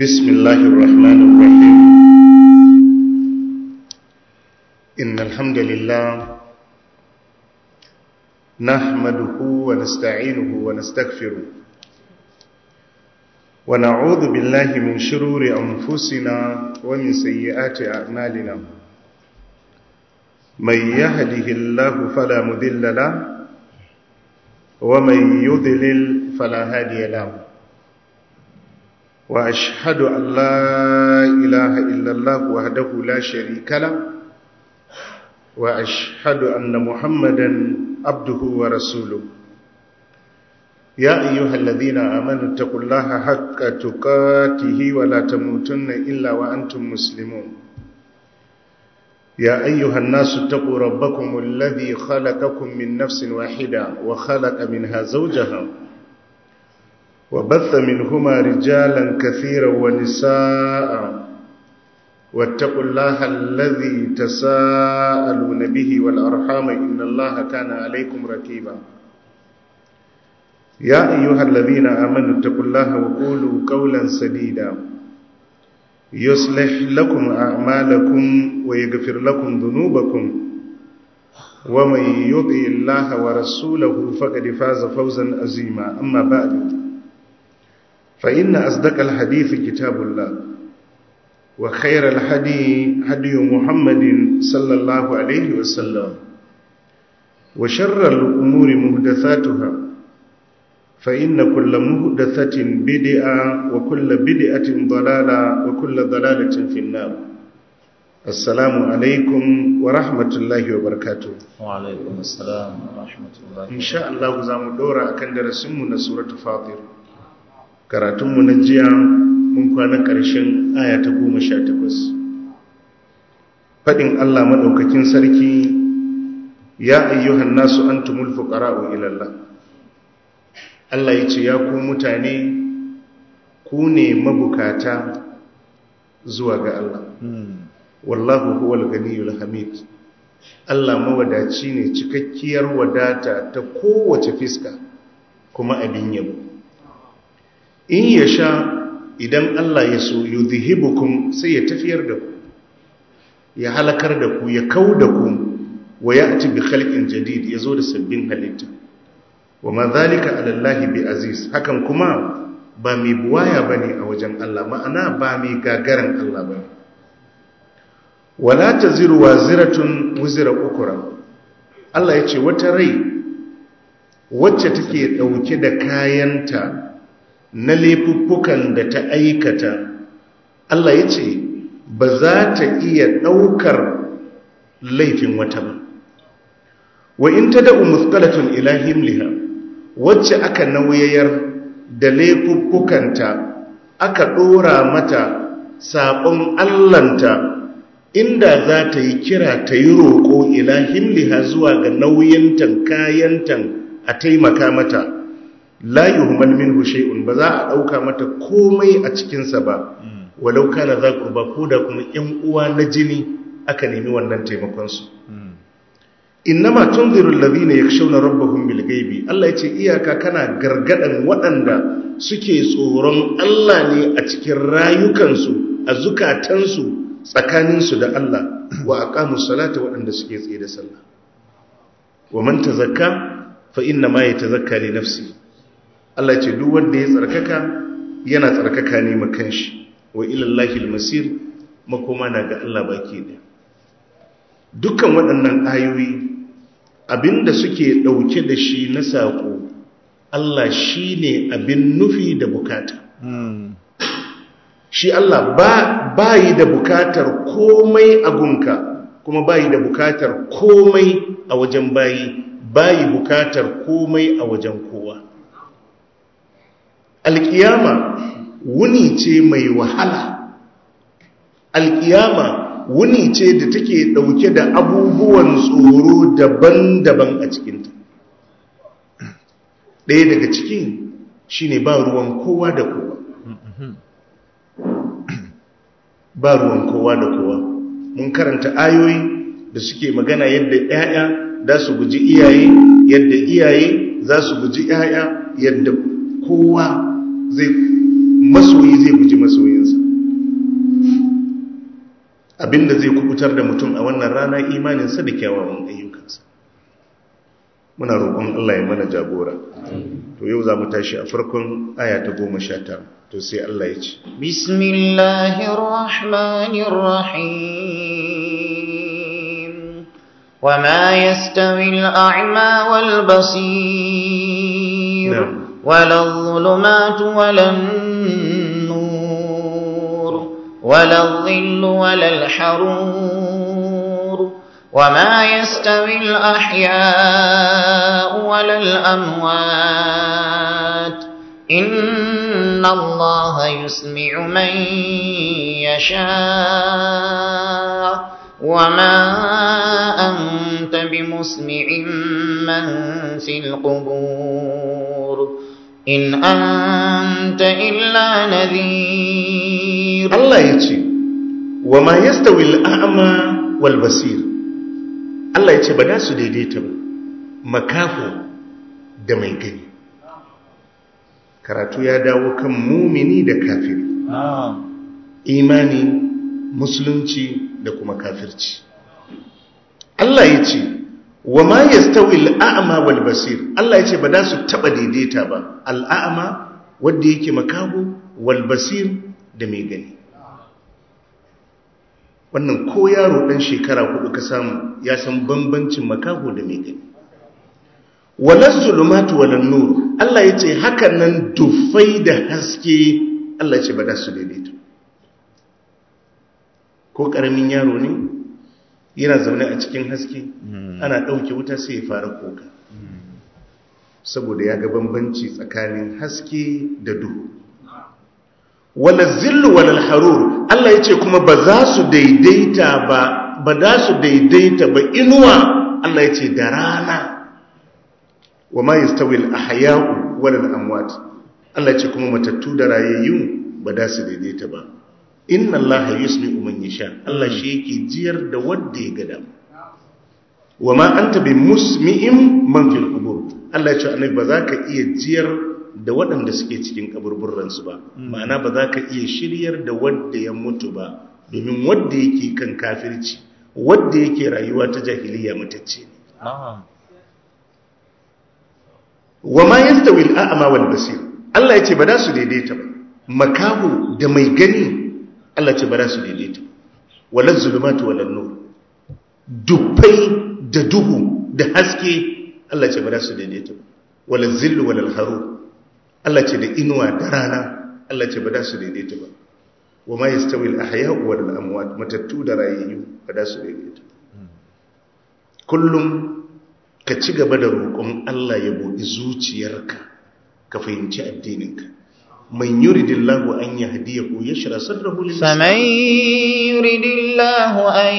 بسم الله الرحمن الرحيم إن الحمد لله نحمده ونستعينه ونستغفره ونعوذ بالله من شرور أنفسنا ومن سيئات أعمالنا من يهده الله فلا مذل له ومن يذلل فلا هادي له wa ashhadu an la ilaha illallah wahdahu la sharika la wa ashhadu anna muhammadan abduhu wa rasuluhu ya ayyuhalladhina amanu taqullaha haqqa tuqatihi wa la tamutunna illa wa antum muslimun يا ايها الناس اتقوا ربكم الذي خلقكم nafsin wahida. Wa وخلق منها زوجها وبث منهما رجالا كثيرا ونساء واتقوا الله الذي تساءلون به والأرحام إن الله كان عليكم ركيبا يا أيها الذين آمنوا اتقوا الله وقولوا قولا سديدا يصلح لكم أعمالكم ويغفر لكم ذنوبكم ومن يطع الله ورسوله فقد فاز فوزا عظيما أما بعد فإن أصدق الحديث كتاب الله وخير الحدي هدي محمد صلى الله عليه وسلم وشر الأمور مهدثاتها فإن كل مهدثة بدعة وكل بدعة ضلالة وكل ضلالة في النار السلام عليكم ورحمة الله وبركاته وعليكم السلام ورحمة الله إن شاء الله زام دورة أكن درسمنا سورة فاطر karatunmu na jiya mun kwana ƙarshen aya ta goma sha takwas faɗin allah maɗaukakin sarki ya ayyuhan nasu an tumul fuƙara'u ilallah allah ya ce ya ku mutane ku ne mabukata zuwa ga allah hmm. wallahu huwal ganiyul hamid Allah mawadaci ne cikakkiyar wadata ta kowace fiska kuma abin yabo in ya sha idan Allah ya so bukun sai ya tafiyar da ku ya halakar da ku ya kau da ku wa ci bi khalqin jadid zo da sabbin halitta wa ma zalika bi aziz hakan kuma ba mai buwaya ba ne a wajen Allah ma'ana ba mai gagarin Allah ba wala tun ziratun wuzira ukura Allah ya ce wata rai wacce take dauke da kayanta na laifuffukan da ta aikata Allah ya ce ba za ta iya ɗaukar laifin wata ba wa in ta da'u muskalatun ilahim liha wacce aka nauyayar da laifuffukanta aka ɗora mata saɓon allanta inda za ta yi kira ta yi roƙo ilahim liha zuwa ga nauyantan kayantan a taimaka mata la yuhmal min shay'un ba za a ɗauka mata komai a cikinsa sa ba walau kana za ku ba ko da kuma yan uwa na jini aka nemi wannan taimakon su innama tunziru alladhina yakhshawna rabbahum bil ghaibi Allah yace iyaka kana gargadan waɗanda suke tsoron Allah ne a cikin rayukansu a zukatansu tsakaninsu da Allah wa kamun salata waɗanda suke tsaye da sallah wa man tazakka fa inna ma yatazakka li nafsihi Allah ce duk wanda ya tsarkaka yana tsarkaka ne makan shi wa ilallahi almasir makoma na ga Allah baki da dukkan waɗannan ayoyi abinda suke ɗauke da shi na sako, Allah shi ne abin nufi da bukata hmm. shi Allah ba yi da bukatar komai a gunka kuma ba yi da bukatar komai a wajen bayi Ba yi bukatar komai a wajen kowa alkiyama wuni ce mai wahala alkiyama wuni ce da take dauke da abubuwan tsoro daban-daban a cikinta ɗaya daga ciki shine ba ruwan kowa da kowa ba ruwan kowa da kowa mun karanta ayoyi da suke magana yadda 'ya'ya za su guji iyaye yadda iyaye za su guji 'ya'ya yadda kowa zai masoyi zai guji masoyinsa abinda zai kubutar da mutum a wannan rana imaninsa da kyawawan ayyukansa muna roƙon Allah ya mana jagora to yau za mu tashi a farkon aya ta goma sha ta, to sai Allah ya ce bismillahirrahmanirrahim wa ma yastawi al-a'ma wal basir ولا الظلمات ولا النور ولا الظل ولا الحرور وما يستوي الأحياء ولا الأموات إن الله يسمع من يشاء وما أنت بمسمع من في القبور in anta illa nadhir Allah yace wa ma yastawi al-a'ma wal basir Allah yace ba da su daidaita ba makafo da mai gani karatu ya dawo kan mumini da kafiri imani musulunci da kuma kafirci Allah ya ce. wa ma yastawi al'ama wal basir Allah yace ce ba da su taba daidaita ba al'ama wanda yake makaho wal basir da mai gani wannan ko yaro dan shekara hudu ka samu ya san bambancin makaho da mai gani walaz zulumatu wal nur Allah yace ce hakan nan dufai da haske Allah ya ba da su daidaita ko karamin yaro ne yana zaune a cikin haske hmm. ana ɗauke wuta sai ya fara koka saboda ya ga bambanci tsakanin haske da duhu wala zillu wala harur Allah ya ce kuma ba za su daidaita ba ba za su daidaita ba inuwa Allah ya ce da rana wa ma yastawi al-ahya'u wala al-amwat Allah ya ce kuma matattu da rayayyun ba za su daidaita ba inna allaha yusmi'u ya yasha Allah shi yake jiyar da wadda ya gada wa ma an tabi musmi'in man fil Allah ya ce annabi ba za ka iya jiyar da waɗanda suke cikin kaburburran su ba hmm. ma'ana ba za ka iya shiryar da wadda ya mutu ba domin wadda yake kan kafirci wadda yake rayuwa ta jahiliya mutacce ne wa ma yastawi al-a'ma wal basir Allah ya ce ba da su daidaita ba makahu da mai gani Allah ce ba za su daidaita walar zulmatu walar nur dubbai da duhu da haske Allah ce ba za su daidaita walar zillu walar haru Allah ce da inuwa da rana Allah ce ba za su daidaita ba wa ma yastawi al-ahya wa al-amwat matattu da rayayyu ba za su daidaita kullum ka ci gaba da roƙon Allah ya bude zuciyarka ka fahimci addininka من يرد الله أن يهديه يشرح صدره للإسلام فمن يرد الله أن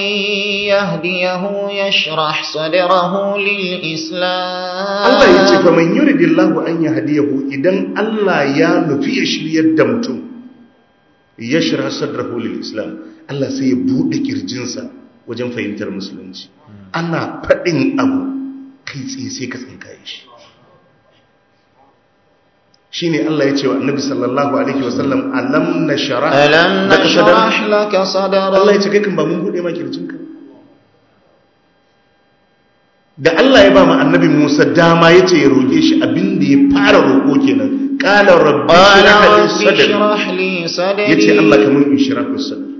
يهديه يشرح صدره للإسلام الله يتي فمن يرد الله أن يهديه إذن الله ينفي شرية دمتم يشرح صدره للإسلام الله سيبود كرجنسا وجن فهمتر مسلمين أنا فإن أبو كيسي سيكس إنكايش ne Allah ya ce wa Annabi sallallahu alaihi wasallam alam nashara alam nashara laka sadara Allah ya ce kai kan ba mun bude ma kirjinka da Allah ya ba mu Annabi Musa dama ya ce ya roke shi abin da ya fara roko kenan qala rabbi shrah li sadri yace Allah ka mun inshiraku sadri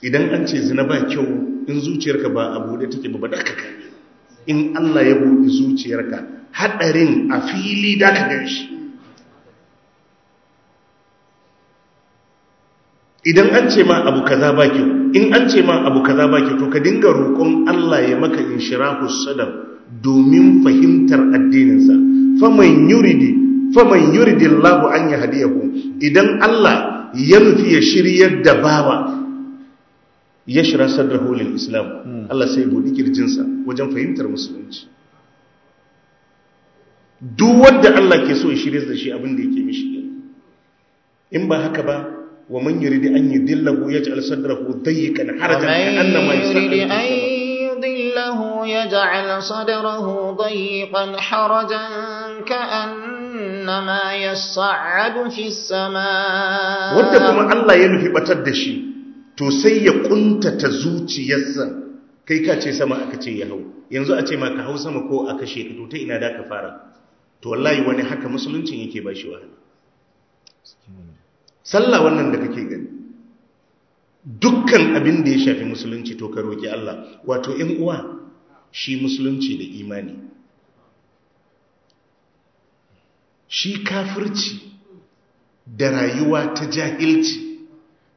idan an ce zina ba kyau in zuciyarka ba a bude take ba ba da in Allah ya buɗe zuciyarka haɗarin a fili da ka gan shi idan an ce ma abu kaza ba kyau in an ce ma abu kaza ba kyau to ka dinga roƙon Allah ya maka inshira sadar domin fahimtar addininsa faman yuridi faman yuridi Allah an yahdiyahu idan Allah ya nufi ya shiryar da bawa yashra sadrahu lil islam hmm. Allah sai buɗi kirjinsa wajen fahimtar musulunci duk wanda Allah ke so ya shirya da shi abinda yake mishi in ba haka ba wa man ridi an yudillahu yaj'al sadrahu dayyikan harajan ka'annama yusaqqa له يجعل yi da shi كأنما Wadda kuma Allah ya nufi batar da shi. to sai ya kuntata zuciyarsa kai ka ce sama aka ce ya hau yanzu a ce ma ka hau sama ko a kashe ka to ta ina da ka fara to wallahi wani haka musuluncin yake ba shi wahala sallah wannan da kake gani dukkan abin da ya shafi musulunci to ka roki Allah wato in uwa shi musulunci da imani shi kafirci da rayuwa ta jahilci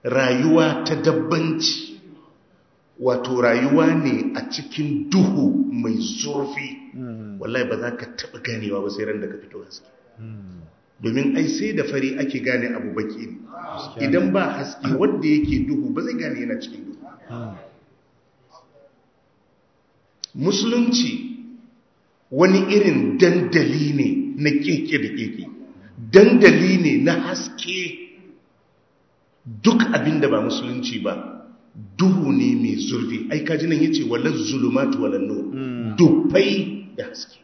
rayuwa ta dabbanci wato rayuwa ne a cikin duhu mai zurfi hmm. wallahi ba za ka taɓa ganewa ba sai ran da ka fito haske hmm. domin ai sai da fari ake gane abu baki ne idan ba haske wanda yake duhu ba zai gane yana cikin duhu hmm. musulunci wani irin dandali ne na keke da keke dandali ne na haske duk abin da ba musulunci ba duhu ne mai zurfi ai kaji nan yace wallaz zulumatu wallan nur hmm. dufai da haske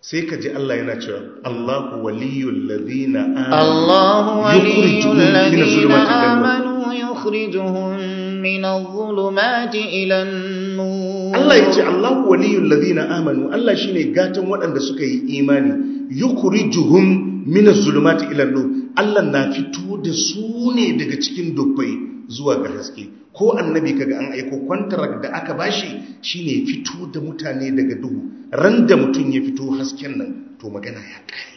sai ka ji Allah yana cewa Allahu waliyul ladina Allahu waliyul ladina amanu yukhrijuhum min adh-dhulumati ila an-nur Allah yace Allahu waliyul ladina amanu Allah shine gatan waɗanda suka yi imani yukhrijuhum min az-zulumati ila nur Allah na fito da su ne daga cikin dubbai zuwa ga haske ko annabi kaga an aiko kwantarar da aka bashi shine fito da mutane daga duhu ran da mutum ya fito hasken nan to magana ya kare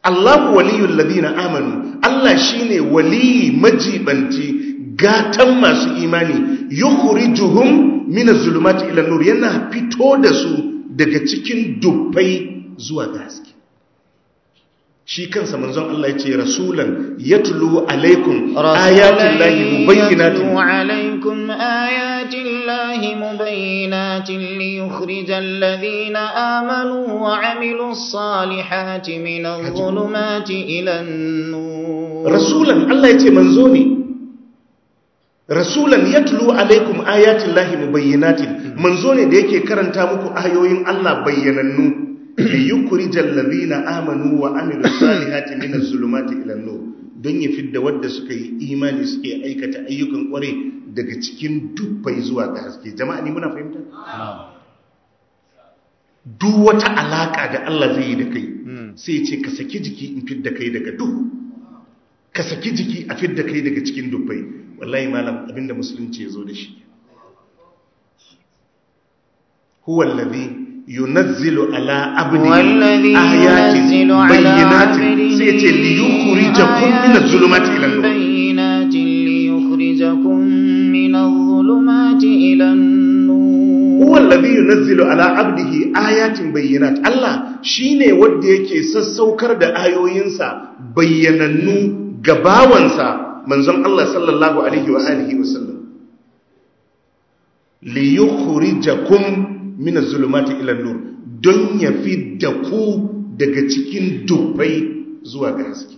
Allahu waliyul ladina amanu Allah shine waliyi majibanci gatan masu imani yukhrijuhum min az-zulumati ila nur yana fito da su daga cikin dubbai zuwa ga haske shi kansa manzon Allah yace rasulan yatlu alaikum ayatullahi lahi wa alaikum ayatullahi lahi li liyukhrijal alladhina amanu wa ssalihati min adh dhulumati ilan nur rasulan Allah yace manzo ne rasulan yatlu alaikum ayatullahi lahi mubayyinatin manzo ne da yake karanta muku ayoyin Allah bayyanannu jallabi na amanu wa amilus hati minar zulumati ilan don ya fidda wadda suka yi imani suke aikata ayyukan kware daga cikin dubbai zuwa ga haske jama'a ni muna fahimta duk wata alaka da Allah zai yi da kai sai ce ka saki jiki in fidda kai daga duhu ka saki jiki a fidda kai daga cikin dubbai wallahi malam abinda musulunci ya zo da shi ينزل ala abdihi ayatin بينات sai ce li yukhrijakum min adh-dhulumati ala abdihi ayatin bayyinat Allah ne wanda yake sassaukar da ayoyinsa bayyanannu ga bawansa manzon Allah sallallahu alaihi wa alihi wasallam li mina zulumati ilan don ya fi da ku daga cikin dubbai zuwa ga haske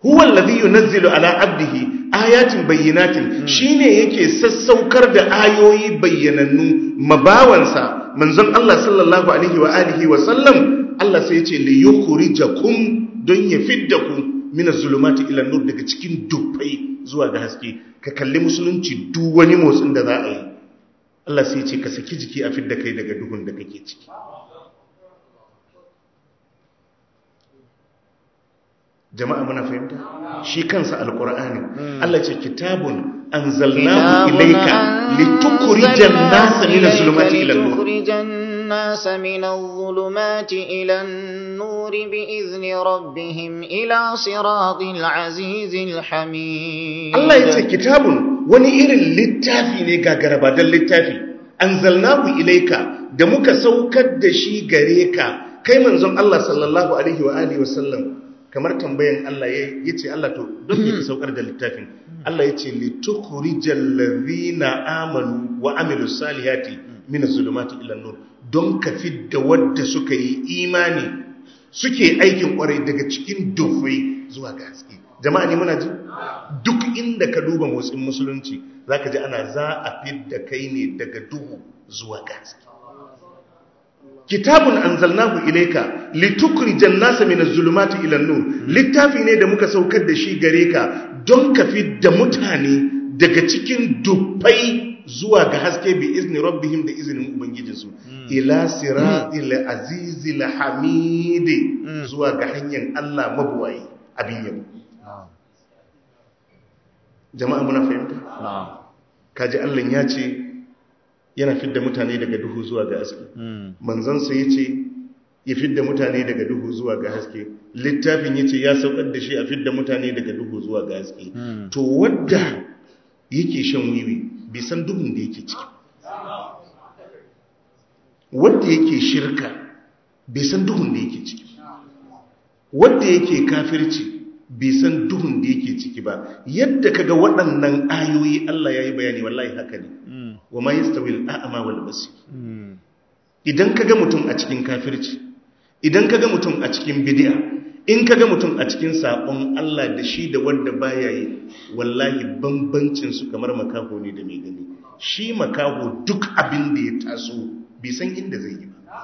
huwan lafi yunazzilu ala abdihi ayatin bayyanatin hmm. ne yake sassaukar da ayoyi bayyanannu mabawansa manzon Allah sallallahu alaihi wa alihi wa sallam Allah sai yace li jakun don ya da ku mina zulumati ila daga cikin dubbai zuwa ga haske ka kalli musulunci duk wani motsin da za a yi Allah sai ce ka saki jiki a fidda kai daga duhun da kake ciki jama'a muna fahimta shi kansa al’ur’ani, hmm. Allah ce kitabun anzalnahu Ilaika litukhrijan nasa min na zulumati ila النَّاسَ مِنَ الظُّلُمَاتِ إِلَى النُّورِ بِإِذْنِ رَبِّهِمْ إِلَى صِرَاطِ الْعَزِيزِ الْحَمِيدِ Allah ya ce kitabun wani irin littafi ne ga garbadar littafi anzalnahu ilaika da muka saukar da shi gareka. ka kai manzon Allah sallallahu kamar tambayar Allah ya ce Allah to don me saukar da littafin Allah ya ce litukhrijal ladhina amanu wa amilus salihati min zulumati ila nur don ka fidda wadda suka yi imani suke aikin kwarai daga cikin dufai zuwa ga haske jama'a ne muna ji duk inda ka duba motsin musulunci zaka ji ana za a fidda kai ne daga duhu zuwa ga haske kitabun anzalnahu ilayka litukrijan jannasa min az-zulumati ila an-nur littafi ne da muka saukar da shi gare ka don ka fidda mutane daga cikin dufai zuwa ga haske bi izni rabbihim da izinin ubangijinsu hmm. ila azizi azizil hamidi hmm. zuwa ga hanyar Allah mabuwayi abin yabo jama'a muna fahimta kaji Allah ya ce yana fidda mutane daga duhu zuwa ga haske hmm. manzansa yace ya fidda mutane daga duhu zuwa ga haske littafin yace ya saukar da shi a fidda mutane daga duhu zuwa ga haske to wadda yake shan wiwi bai san duhun da yake ciki wanda yake shirka bai san duhun da yake ciki wanda yake kafirci bai san duhun da yake ciki ba yadda kaga waɗannan ayoyi Allah ya yi bayani wallahi haka ne mm. wa ma yastawil a'ma wal basir mm. idan kaga mutum a cikin kafirci idan kaga mutum a cikin bid'a in kaga mutum a cikin sabon Allah da shi da wanda baya yi wallahi bambancin su kamar makaho ne da mai gani shi makaho duk abin da ya taso bai san inda zai yi ba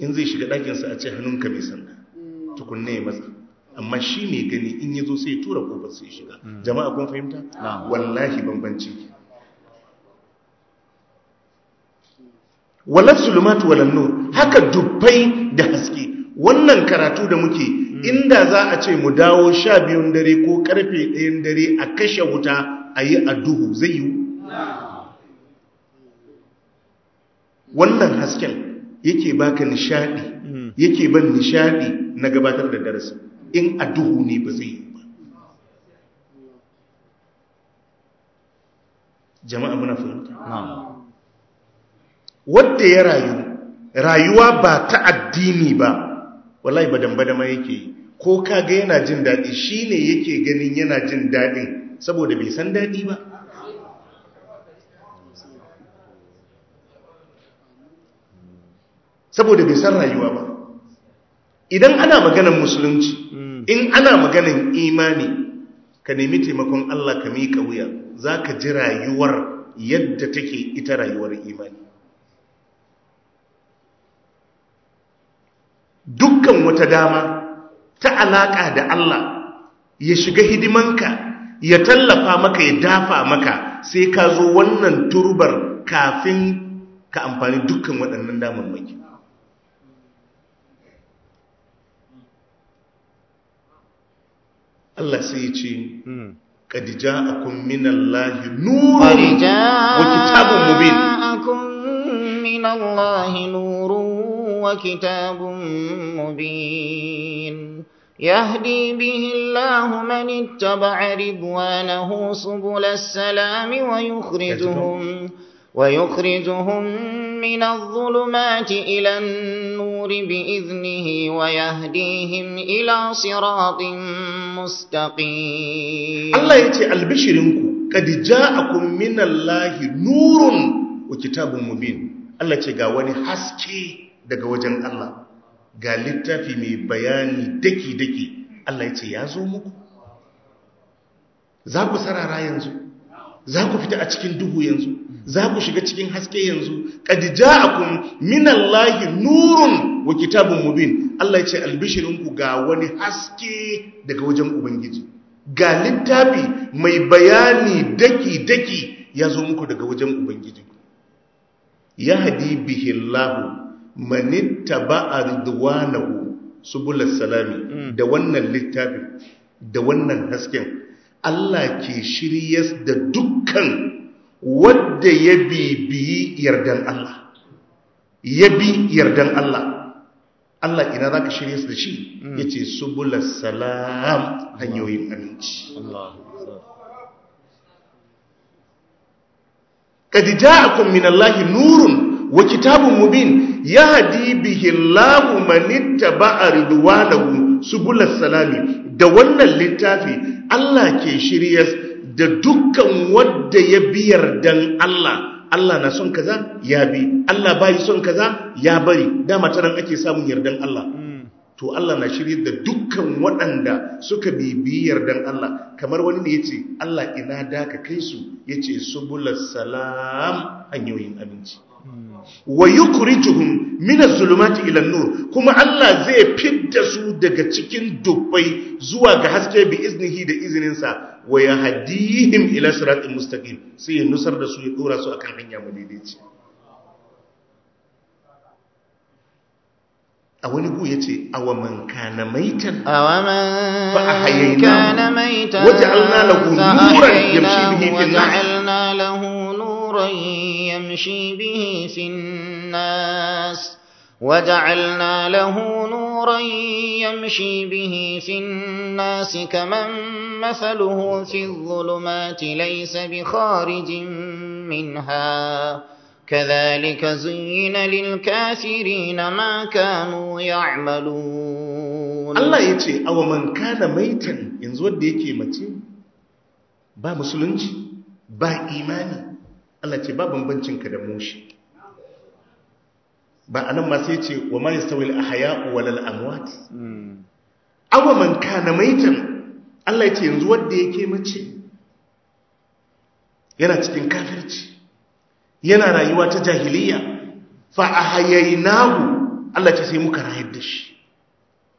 in zai shiga ɗakinsa a ce hannunka mai sanda tukunne ya matsa amma shi mai gani in ya zo sai tura kofar sai shiga hmm. jama'a kun fahimta wallahi bambanci wala sulumat wala nur haka dubbai da haske wannan karatu da muke hmm. inda za a ce mu dawo sha biyun dare ko karfe ɗayan dare a kashe wuta a yi a zai yi wannan hasken yake baka nishadi hmm. yake ban nishadi na gabatar da darasi in a ne ba zai yi jama'a muna fahimta wadda ya rayu rayuwa ba ta addini ba wallahi badan yake yi ko kaga yana jin daɗi shine yake ganin yana jin daɗin saboda bai san daɗi ba saboda bai san rayuwa ba idan ana maganan musulunci hmm. in ana maganan imani ka nemi taimakon Allah ka miƙa wuya za ka ji rayuwar yadda take ita rayuwar imani dukkan wata dama ta alaƙa da Allah ya shiga hidimanka ya tallafa maka ya dafa maka sai ka zo wannan turbar kafin ka amfani dukkan waɗannan damar maki Allah sai ce قد hmm. nuru wa kitabun mubin ƙadija a من الله nuru وكتاب مبين يهدي به الله من اتبع رضوانه سبل السلام ويخرجهم ويخرجهم من الظلمات إلى النور بإذنه ويهديهم إلى صراط مستقيم الله يتي البشرنكو قد جاءكم من الله نور وكتاب مبين الله يتي قاواني حسكي daga wajen Allah ga littafi mai bayani daki-daki Allah ya ce ya zo muku za ku sarara yanzu za ku fita a cikin duhu yanzu za ku shiga cikin haske yanzu ƙadija'akun minallahi nurun wa kitabun mubin Allah ya ce albishirinku ga wani haske daga wajen Ubangiji ga littafi mai bayani daki-daki ya zo muku daga wajen Ubangiji ya hadi lahu. manitta ba a ridwanahu subulas salami mm. da wannan littafin da wannan hasken Allah ke shiryas da dukkan wadda ya bibiyi yardan Allah ya bi yardan Allah Allah ina za ka shiryas da shi mm. ya ce subulas salam hanyoyin aminci قد جاءكم من lahi nurun. wa kitabun mubin ya hadi ba manitta riduwa ridwanahu subulas salami da wannan littafi Allah ke shirya da dukkan wadda ya biyar dan Allah Allah na son kaza ya bi Allah bai son kaza ya bari dama ran ake samun yardan Allah hmm. to Allah na shirya da dukkan waɗanda suka bibiyar yardan Allah kamar wani ne ya ce Allah ina da ka kai su ya ce salam hanyoyin aminci wa yukhrijuhum min az-zulumati ila an-nur kuma Allah zai fidda su daga cikin dubbai zuwa ga haske bi iznihi da izininsa wa yahdihim ila siratin mustaqim sai ya nusar da su ya dora su akan hanya madaidaici a wani ku yace awa man kana maitan awa man fa ahayna kana maitan waja'alna lahu nuran yamshi bihi fil نورا يمشي به في الناس وجعلنا له نورا يمشي به في الناس كمن مثله في الظلمات ليس بخارج منها كذلك زين للكافرين ما كانوا يعملون الله يتي أو من كان ميتا ينزود ديكي متي با مسلنج با إيماني Allah ce ba bambancin ka da mushi ba anan ma sai ce wa ma yastawi ahyau wal amwat hmm. awa man kana maitan Allah ya ce yanzu wanda yake mace yana cikin kafirci yana rayuwa ta jahiliya fa ahyaynahu Allah ce sai muka rayar da shi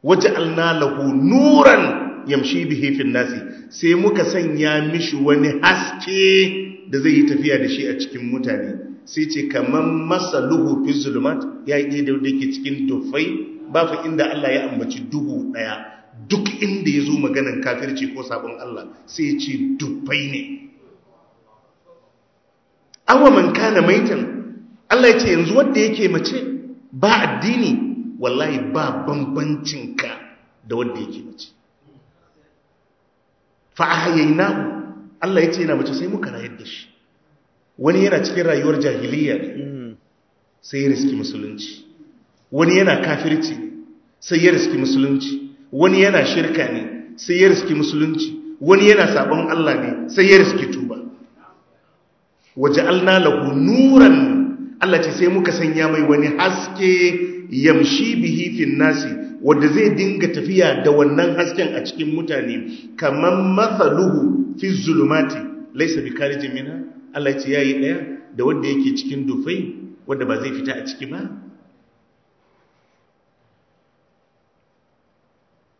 waja'alna lahu nuran yamshi bihi fil nasi sai muka sanya mishi wani haske da zai yi tafiya da shi a cikin mutane sai ce kamar masaluhu fi zulumat ya yi da ke cikin dufai ba fa inda Allah ya ambaci duhu daya duk inda ya zo maganan kafirci ko sabon Allah sai ce dufai ne awa man kana maitan Allah ya ce yanzu wanda yake mace ba addini wallahi ba bambancinka da wanda yake mace fa ahyaynahu Allah ya ce yana mace sai muka rayar da shi wani yana cikin rayuwar jahiliya sai ya riski musulunci wani yana kafirci sai ya riski musulunci wani yana shirka ne sai ya riski musulunci wani yana sabon Allah ne sai ya riski tuba waje alna lahu nuran Allah ce sai muka sanya mai wani haske yamshi bihi fin nasi wanda zai dinga tafiya da wannan hasken a cikin mutane kamar mathaluhu fi zulumati laisa bi kharijin minha Allah ce yayi daya da wanda yake cikin dufai wanda ba zai fita a ciki ba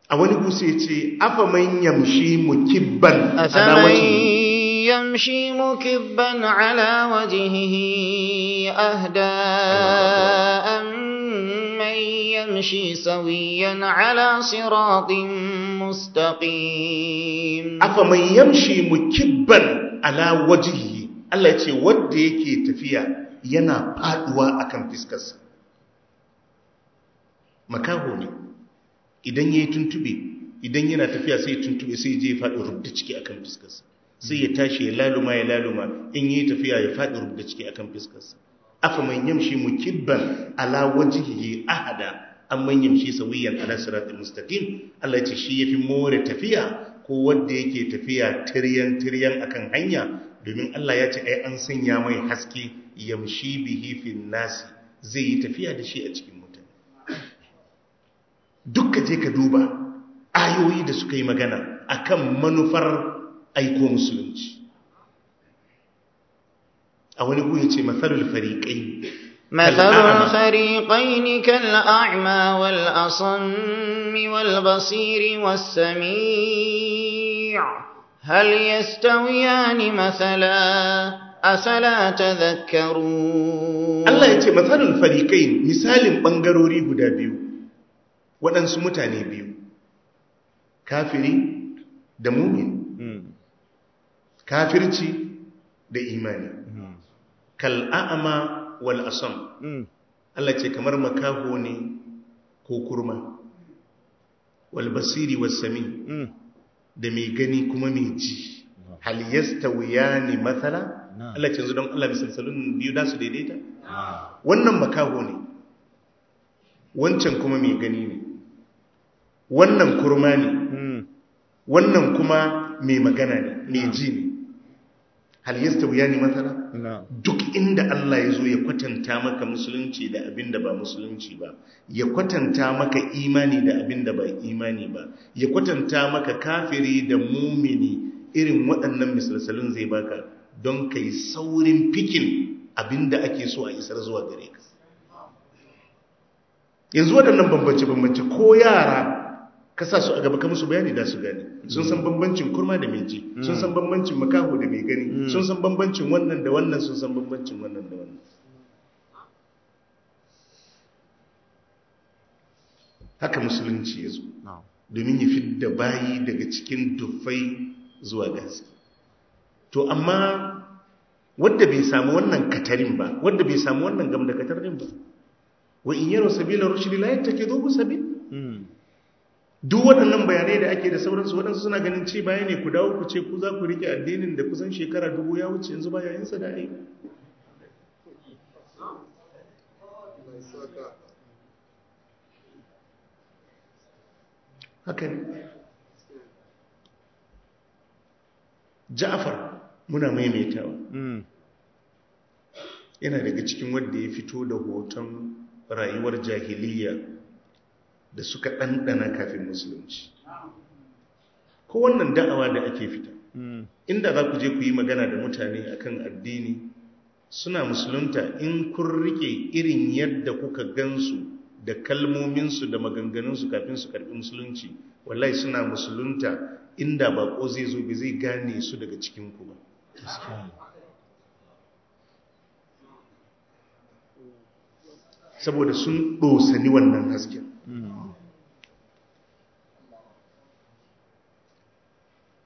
a wani gusa ya ce afa man yamshi mukibban ala wajhi يمشي مكبا على وجهه أهدى أمن Afa مستقيم yamshi يمشي مكبا على وجهه الله wanda yake tafiya yana faduwa akan fiskar sa makaho ne idan ya yi tuntube idan yana tafiya sai tuntube sai je ya faɗi rubda ciki akan sa sai ya tashi ya laluma ya laluma in yi tafiya ya fadi rubda ciki akan sa afa man yamshi mukibban ala wajhihi ahada an amman shi wuyan ala siratal mustaqim Allah ya ce shi yafi more tafiya ko wanda yake tafiya tiryan tiryan akan hanya domin Allah ya ce ai an sanya mai haske yamshi bihi fil nasi zai yi tafiya da shi a cikin mutane duk je ka duba ayoyi da suka yi magana akan manufar aiko musulunci a wani ku ya ce matsalar fariƙai مثل الفريقين كالأعمى والأصم والبصير والسميع هل يستويان مثلا أفلا تذكرون الله يتي مثل الفريقين مثال بانغروري غدا بيو waɗansu mutane بيو كافري da mumin kafirci da imani kal'a'ama wal asam mm. Allah ce kamar makaho ne ko kurma wal basiri was sami mm. da mai gani kuma mai ji hal yastawiyani mathala Allah ce yanzu don Allah misalsalun biyu da su daidaita wannan makaho ne wancan kuma mai gani ne wannan kurma ne mm. wannan kuma mai magana ne mai ji ne hal yastawiyani mathala duk inda Allah ya zo ya kwatanta maka musulunci da abin da ba musulunci ba ya kwatanta maka imani da abin da ba imani ba ya kwatanta maka kafiri da mumini irin waɗannan misalsalin zai baka don kai saurin fikin abin da ake so a isar zuwa gare ka yanzu waɗannan bambance-bambance ko yara ka sa su a gaba ka musu bayani da su gani sun san bambancin kurma da meji sun san bambancin makaho da mai gani mm. sun san bambancin wannan da wannan sun san bambancin wannan da wannan haka musulunci ya zo domin ya fidda bayi daga cikin dufai zuwa gaske to amma wadda bai samu wannan katarin ba wadda bai samu wannan gamda katarin ba wa in yaro sabila rushdi la yattakidu sabil mm. duk waɗannan bayanai da ake da sauransu waɗansu suna ganin ci baya ne ku dawo ku ce ku za ku riƙe addinin da kusan shekara dubu ya wuce yanzu ba da ai haka ja'afar muna maimaitawa hmm. yana daga cikin wanda ya fito da hoton rayuwar jahiliya da suka ɗanɗana kafin musulunci ko wannan da'awa da ake fita hmm. inda za ku je ku yi magana da mutane kan addini suna musulunta in kun rike irin yadda kuka gansu da kalmominsu da maganganunsu kafin su karɓi musulunci wallahi suna musulunta inda bako zai zo bai zai gane su daga cikin ku ba saboda sun ɗosani wannan hasken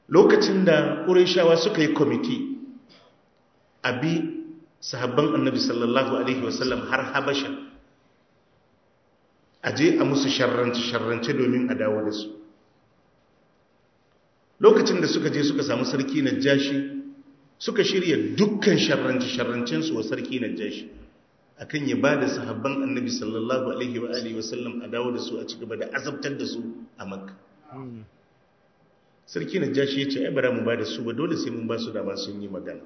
lokacin da ƙurishawa suka yi kwamiti a bi sahabban annabi sallallahu alaihi wasallam har habasha a je a musu sharrance-sharrance domin a dawo da su lokacin da suka je suka samu sarki na jashi suka shirya dukkan sharrance su wa sarki na jashi akan ya ba da sahabban annabi sallallahu alaihi wa wasallam a dawo da su a cigaba da azabtar da su a makka hmm. sarki na jashi ya ce ai bara mu ba da su ba dole sai mun ba su dama sun yi magana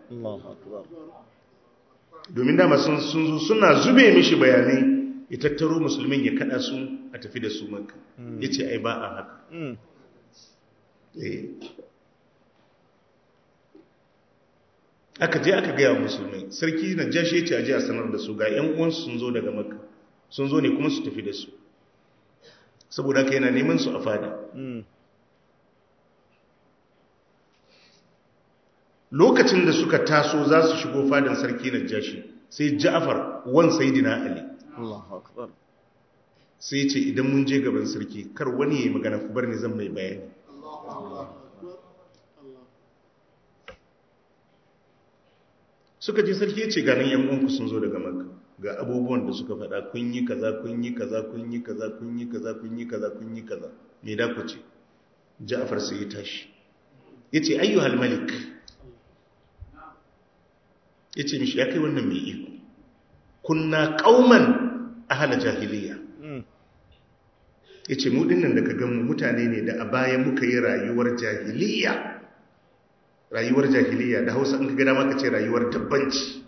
domin dama sun zo suna zube mishi bayanai ya tattaro musulmin ya kada su a tafi da su maka hmm. ya ce ai ba a haka hmm. eh. aka je aka gaya musulmai sarki na jashi ya ce a ji a sanar da su ga 'yan uwansu sun zo daga maka sun zo ne kuma su tafi da su saboda haka yana neman su a fada hmm. lokacin da suka taso za su shigo fadin sarki na jashi, sai ja'afar wan sayidina ali sai ce idan mun je gaban sarki kar wani ya yi magana ku bar ni zan mai bayani suka ji sarki ce ganin yan uwanku sun zo daga makka ga abubuwan da suka faɗa kun yi kaza kun yi kaza kun yi kaza kun yi kaza kun yi kaza kun yi kaza me da ku ce ja'afar sai ya tashi ya ce ayyuhal malik ya ce mishi ya kai wannan mai iko kunna kauman a hana jahiliya mm. ya ce mu dinnan da ka gan mutane ne da a baya muka yi rayuwar jahiliya rayuwar jahiliya da hausa in ka gada maka ce rayuwar tabbanci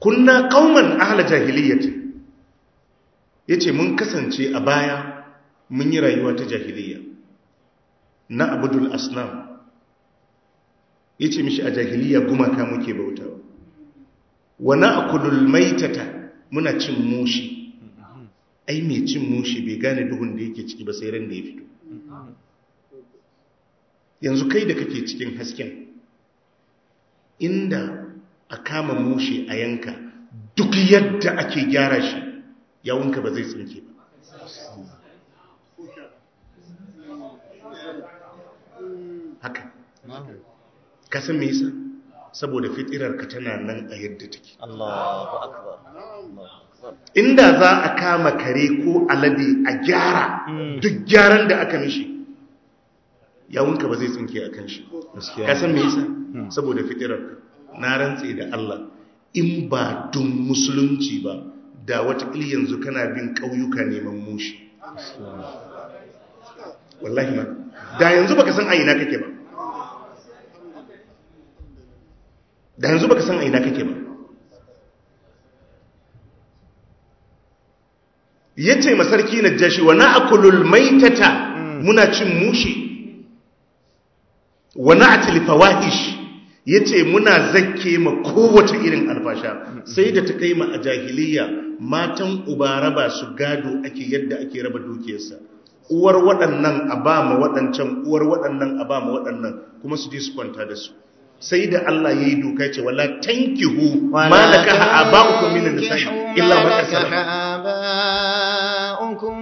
kunna kauman hana jahiliya ce ya ce mun kasance a baya mun yi rayuwa ta jahiliya na abudul asnam yace ce mishi a jahiliya gumaka muke bautawa wani akulul maitata muna cin mushi ai me cin mushi bai gane duhun da yake ciki ba sai ran da ya fito yanzu kai da kake cikin hasken inda a kama mushi a yanka duk yadda ake gyara shi yawunka ba zai tsinke ba haka ka san me yasa saboda fitirarka tana nan a yadda take Allahu akbar inda za a kama kare ko alade a gyara hmm. duk gyaran da aka mishi yawunka ba zai tsinke akan shi ka san me yasa hmm. saboda fitirarka na rantse da Allah in ba dun musulunci ba da wata yanzu kana bin ƙauyuka neman mushi wallahi ma da yanzu baka san aina kake ba da yanzu baka san a ina kake ba yace masarki jashi, wa na'kulul maitata mm. muna cin mushi wa na'til ya yace muna zakke ma kowace irin alfasha. Mm. sai da ta kai ma a jahiliya matan ubara ba su gado ake yadda ake raba dukiyarsa uwar waɗannan a ba ma waɗancan uwar waɗannan a ba ma waɗannan kuma su ji su kwanta da su sai da Allah ya yi doka ce wala tankihu malaka aba'ukum minan nisa'i illa ma kasaba aba'ukum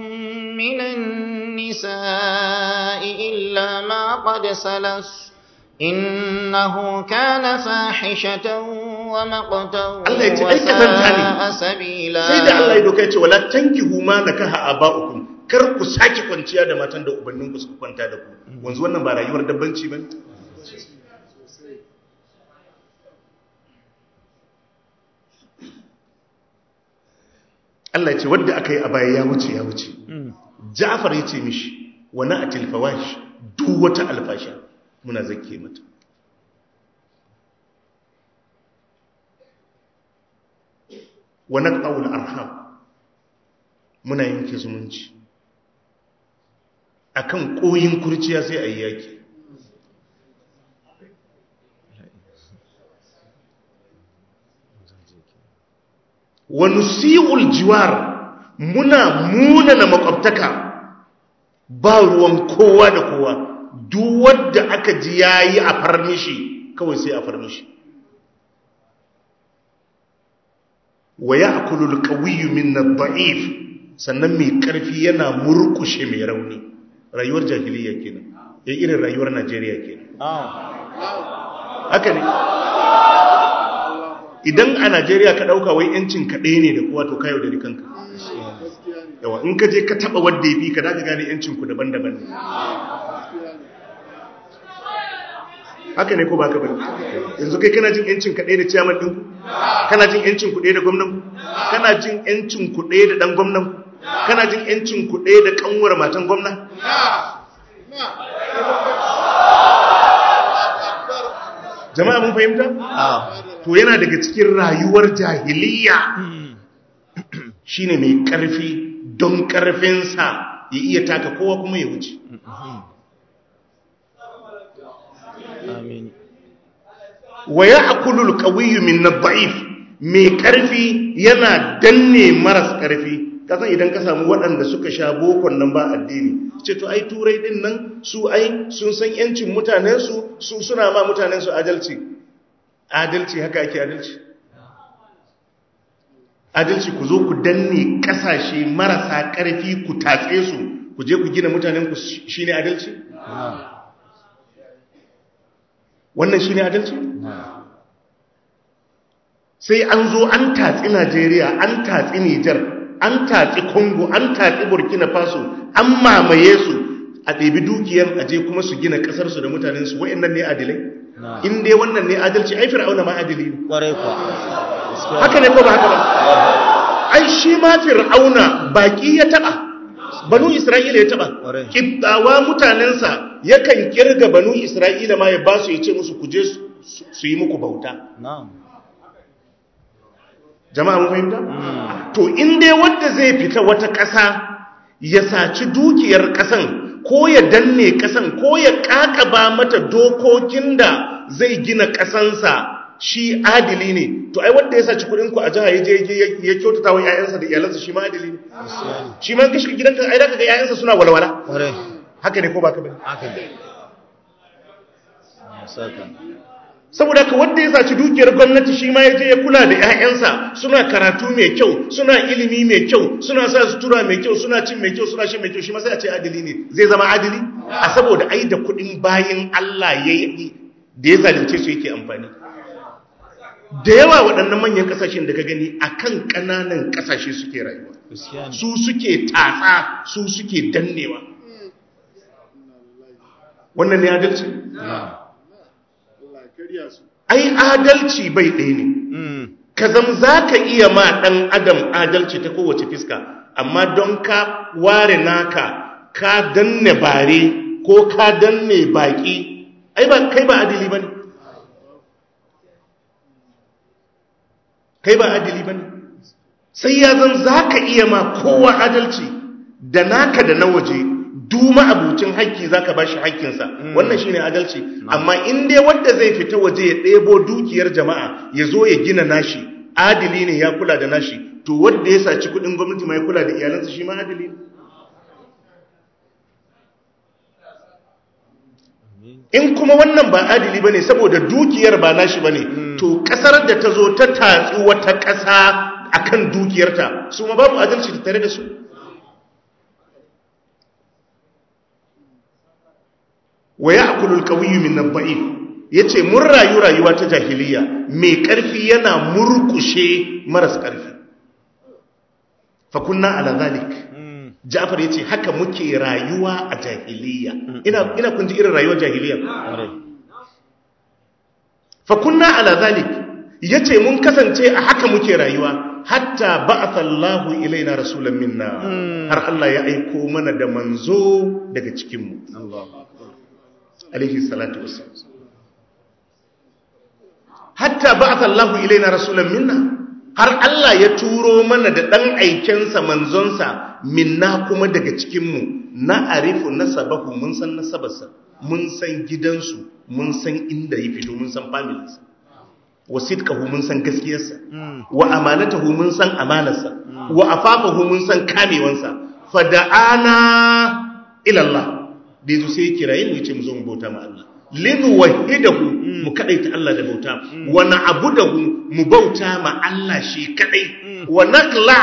minan nisa'i illa ma qad salas innahu kana fahishatan wa maqtan Allah ya ce aikatan sai da Allah ya doka ya ce wala tankihu malaka aba'ukum kar ku sake kwanciya da matan da ubanninku suka kwanta da ku wanzu wannan ba rayuwar dabbanci bane Allah ya ce wanda aka yi a baya ya wuce ya wuce hmm. Ja'far ya ce mishi wani a tilfawashi duk wata alfasha muna zake mata wani naqta'u arham muna yanke zumunci akan ƙoyin kurciya sai a yi yaki Wani siwul jiwar muna munana makwabtaka ba ruwan kowa da kowa duk wanda aka ji yayi a farmishi kawai sai a farmishi wa ya'kulul qawiyyu minna ba'if sannan mai karfi yana murkushe mai rauni rayuwar jahiliya kenan eh, irin rayuwar Najeriya kenan ah. haka ne idan a najeriya ka ɗauka wai yancin ka ne da kowa to yau da kanka yawa in ka je ka taɓa wadda ya fi ka daga gane yancinku daban-daban ne haka ne ko ba ka bari yanzu kai kana jin yancin kaɗe ɗaya da ciyaman ɗin kana jin yancin kuɗe ɗaya da gwamnan kana jin yancin kuɗe ɗaya da ɗan gwamnan kana jin yancin kuɗe ɗaya da ƙanwar matan gwamna jama'a mun fahimta to yana daga cikin rayuwar jahiliya shi ne mai ƙarfi don ƙarfinsa ya iya taka kowa kuma ya wuce wa ya akulul ƙawiyu min na ba'if mai ƙarfi yana danne maras ƙarfi kasan idan ka samu waɗanda suka sha bokon nan ba addini ce to ai turai ɗin nan su ai sun san yancin mutanensu su suna ma mutanensu adalci adalci haka ake adalci adalci ku zo ku danne kasashe marasa karfi ku tatse su ku je ku gina mutanen ku shine adalci wannan shine adalci sai an zo an tatsi Najeriya an tatsi nijar an tatsi Congo an tatsi Burkina Faso an mamaye su a ɗebi dukiyar aje kuma su gina ƙasarsu da mutanensu nan ne adilai in dai wannan ne adalci ai fir'auna ma adili ne kwarai haka ne ko ba haka ba ai shi ma fir'auna baki ya taba banu isra'ila ya taba kibtawa mutanensa yakan kirga banu isra'ila ma ya ba su ya ce musu kuje su yi muku bauta jama'a mun fahimta mm. to in dai wanda zai fita wata ƙasa ya saci dukiyar ƙasan ko ya danne ƙasan ko ya ƙaƙaba mata dokokin da zai gina ƙasansa shi adili ne to ai wanda ya saci kuɗin ku a jiha ya je ya kyautata wa ƴaƴansa da iyalansa shi ma adili ne shi ma kashi gidanka ai da ga ƴaƴansa suna walwala haka ne ko ba ka bane haka ne saboda ka wanda ya saci dukiyar gwamnati shi ma ya je ya kula da 'ya'yansa suna karatu mai kyau suna ilimi mai kyau suna sa sutura mai kyau suna cin mai kyau suna shan mai kyau shi ma sai ce adili ne zai zama adili a saboda ai da kuɗin bayan Allah ya yi da ya zalunce su yake amfani da yawa waɗannan manyan ƙasashen da ka gani a kan ƙananan ƙasashe suke rayuwa su suke tatsa su suke dannewa hmm. wannan ne adalci? ai adalci bai ɗaya ne mm. ka zam za ka iya ma ɗan adam adalci ta kowace fiska amma don ka ware naka ka danne bare ko ka danne baƙi ai ba kai ba adili ba kai ba adili ba sai ya zan za ka iya ma kowa adalci da naka da na waje duma abucin haƙƙi za zaka bashi haƙƙinsa hmm. wannan shine adalci hmm. amma in dai wanda zai fita waje ya ɗebo dukiyar jama'a ya zo ya gina nashi adili ne ya kula da nashi to wanda ya saci kuɗin gwamnati mai kula da iyalansa shi ma adili ne in kuma wannan ba adili bane saboda dukiyar ba nashi bane hmm. to kasar da ta zo ta tatsu wata ƙasa akan dukiyarta su ma babu adalci tare da su wa ya al-qawiyyu min ad yace mun rayu rayuwa ta jahiliya mai karfi yana murkushe maras karfi fa kunna ala zalik hmm. Ja'far yace haka muke rayuwa a jahiliya hmm. ina ina kun ji irin rayuwa jahiliya hmm. fa kunna ala zalik yace mun kasance a haka muke rayuwa hatta ba'atha Allahu ilaina rasulan minna har Allah ya aiko mana da manzo daga cikin mu alaihi salatu wasu hatta ba'atha Allahu ilaina rasulun minna har Allah ya turo mana da ɗan aikensa manzonsa minna kuma daga cikinmu mu na arifu nasabahu mun san nasabarsa mun san gidansu mun san inda ya fito mun san familinsa wa ka mun san gaskiyarsa hmm. wa amanatahu mun san amanarsa hmm. wa afafahu mun san kamewansa fada'ana ilallah da yazo sai kira yin wuce yace mu zo mu bauta ma Allah linu wahidahu mu kadaita Allah da bauta mm. wa na'budahu mu bauta ma Allah shi kadai mm. wa naqla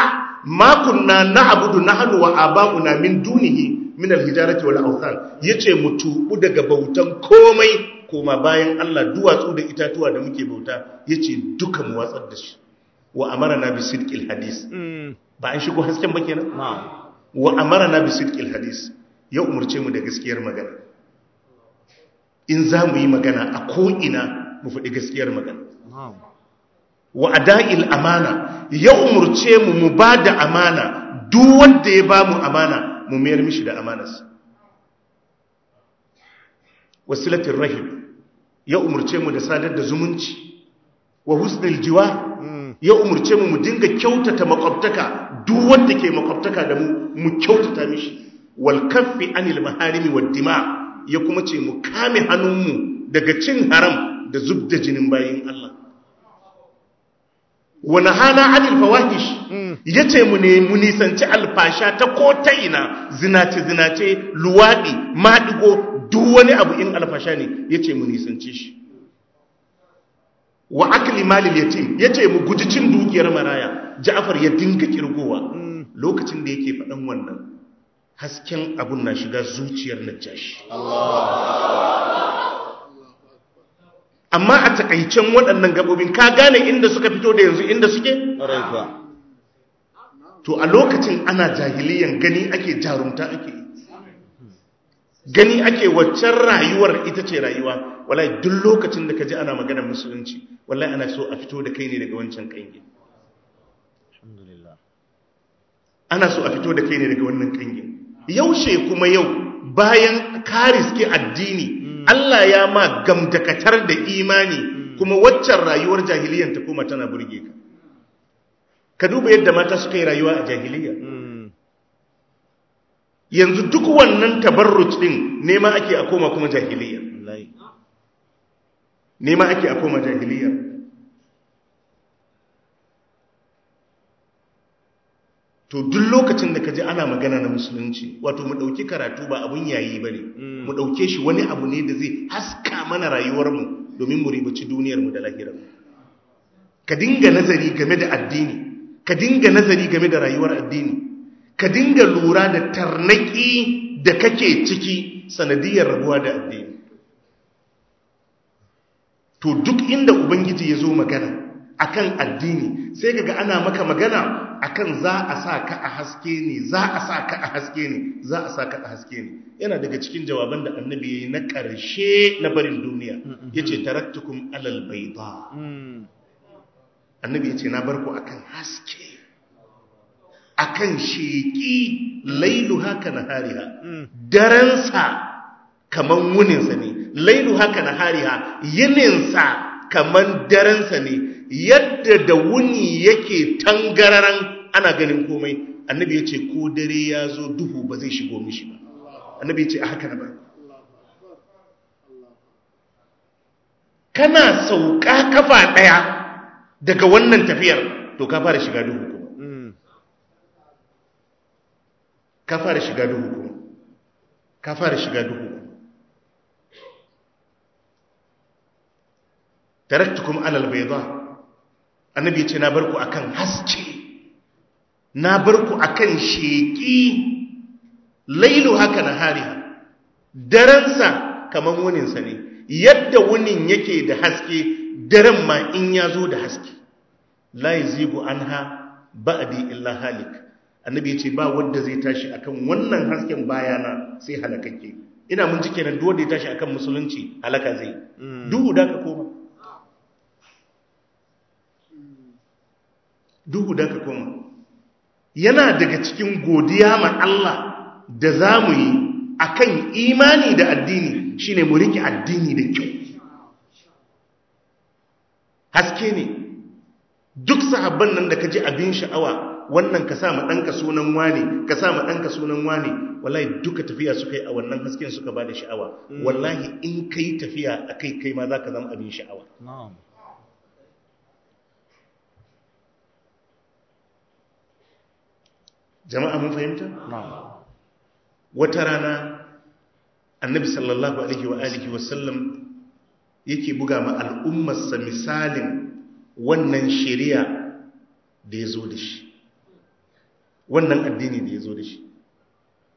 ma kunna na'budu nahnu wa aba'una min dunihi min al-hijarati wal awthan yace mu tubu daga bautan komai koma bayan Allah duwatsu da itatuwa da muke bauta yace duka mu watsar da shi wa amarna bi sidqil hadis mm. ba an shigo hasken ba kenan wa amarna bi sidqil hadis ya umarce mu da gaskiyar magana in za mu yi magana a ko'ina mu faɗi gaskiyar magana wa ada'il amana ya umarce mu mu ba da amana duk wanda ya ba mu amana mu mayar mishi da amanarsa wasilatin rahim ya umarce mu da sadar da zumunci wa husnul jiwa hmm. ya umarce mu mu dinga kyautata makwabtaka duk wanda ke makwabtaka da mu mu kyautata mishi wal kaffi anil maharimi wad dima ya kuma ce mu kame mu daga cin haram da zubda jinin bayin Allah Wani hana anil fawahish yace mu ne mu nisanci alfasha ta ko ta ina zinace zinace luwaɗi, maɗigo, duk wani abu in alfasha ne ya ce mu nisanci shi wa akli malil yatim ce mu guji cin dukiyar maraya Ja'far ya dinga kirgowa mm. lokacin da yake faɗan wannan hasken abun na shiga zuciyar najashi amma a takaicen waɗannan gabobin ka gane inda suka fito da yanzu inda suke to a lokacin ana jahiliyan gani ake jarumta ake gani ake waccan rayuwar ita ce rayuwa wallahi duk lokacin da ka ji ana maganar musulunci wallahi ana so a fito da kai ne daga wancan kangin ana so a fito da kai ne daga wannan kangin yaushe kuma yau bayan ka addini hmm. Allah ya ma gamdakatar da imani hmm. kuma waccan rayuwar jahiliyyar ta kuma tana burge ka ka duba yadda mata suka yi rayuwa a jahiliya hmm. yanzu duk wannan tabarruc din nema ake a koma kuma nema ake a koma jahiliyar. to duk lokacin da ka ji ana magana na musulunci wato mu ɗauki karatu ba abun yayi ba ne mm. mu ɗauke shi wani abu ne da zai haska mana rayuwarmu domin mu ribaci duniyarmu da lahirarmu ka dinga nazari game da addini ka dinga nazari game da rayuwar addini ka dinga lura da tarnaki da kake ciki sanadiyar rabuwa da addini to duk inda ubangiji ya zo magana akan addini sai kaga ana maka magana akan za a sa ka a haske ne za a sa ka a haske ne za a sa ka a haske ne yana daga cikin jawaban da annabi yayi na ƙarshe na barin duniya yace taraktukum alal bayda mm. annabi yace na barku akan haske akan sheki lailu haka na Hariya. Mm. sa kaman wunin ne lailu haka na yinin sa kaman daransa ne yadda da wuni yake tangararan ana ganin komai annabi ya ce ko dare ya zo duhu ba zai shigo mishi ba annabi ya ce a haka na ba? kana sauka kafa ɗaya daga wannan tafiyar to ka fara shiga duhu kuma hmm. ka fara shiga duhu kuma ka fara shiga duhu kuma taraktukum alal bayda annabi ya ce na barku akan haske na bar ku akan sheƙi lailu haka na hariha daransa kamar wuninsa ne yadda wunin yake da haske daren ma in ya zo da haske la yazigu anha ba'di illa halik annabi ya ce ba wanda zai tashi akan wannan hasken bayana sai halakakke ina mun ji kenan duk wanda ya tashi akan musulunci halaka zai mm. duhu da ka koma duhu da ka koma yana daga cikin godiya ma Allah da za mu yi a kan imani da addini shi ne mu riƙe addini da kyau haske ne duk sahabban nan da ka ji abin sha'awa wannan ka sa maɗanka sunan wane ka sa maɗanka sunan wane wallahi duka tafiya suka yi a wannan hasken suka ba da sha'awa mm. wallahi in ka yi tafiya a kai kai ma za ka zama abin sha'awa jama'a mun fahimta wata rana annabi sallallahu alaihi wa alihi wa sallam yake buga ma al'ummarsa misalin wannan shari'a da ya zo da shi wannan addini da ya zo da shi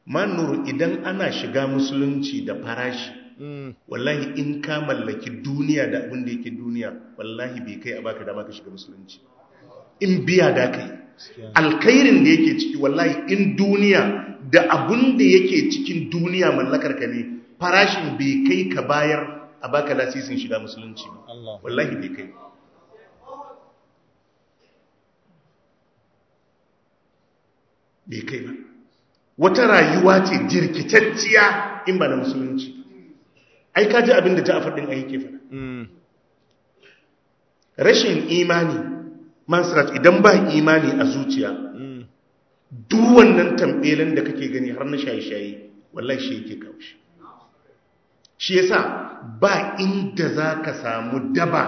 manuru idan ana shiga musulunci da farashi mm. wallahi in ka mallaki duniya da abinda yake duniya wallahi bai kai a baka dama baka shiga musulunci in biya da kai alkhairin da yake ciki wallahi in duniya da abun da yake cikin duniya mallakar ka ne farashin bai kai ka bayar a baka lasisin shiga musulunci ba wallahi bai kai bai kai ba wata rayuwa ce jirkitacciya in ba na musulunci ai ka ji abin da ta faɗin ayyuke faɗa mm. rashin imani mansrat idan ba imani a zuciya hmm. duk wannan tambelin da kake gani har na shaye-shaye wallahi shi yake kawo shi shi yasa ba inda za ka samu daba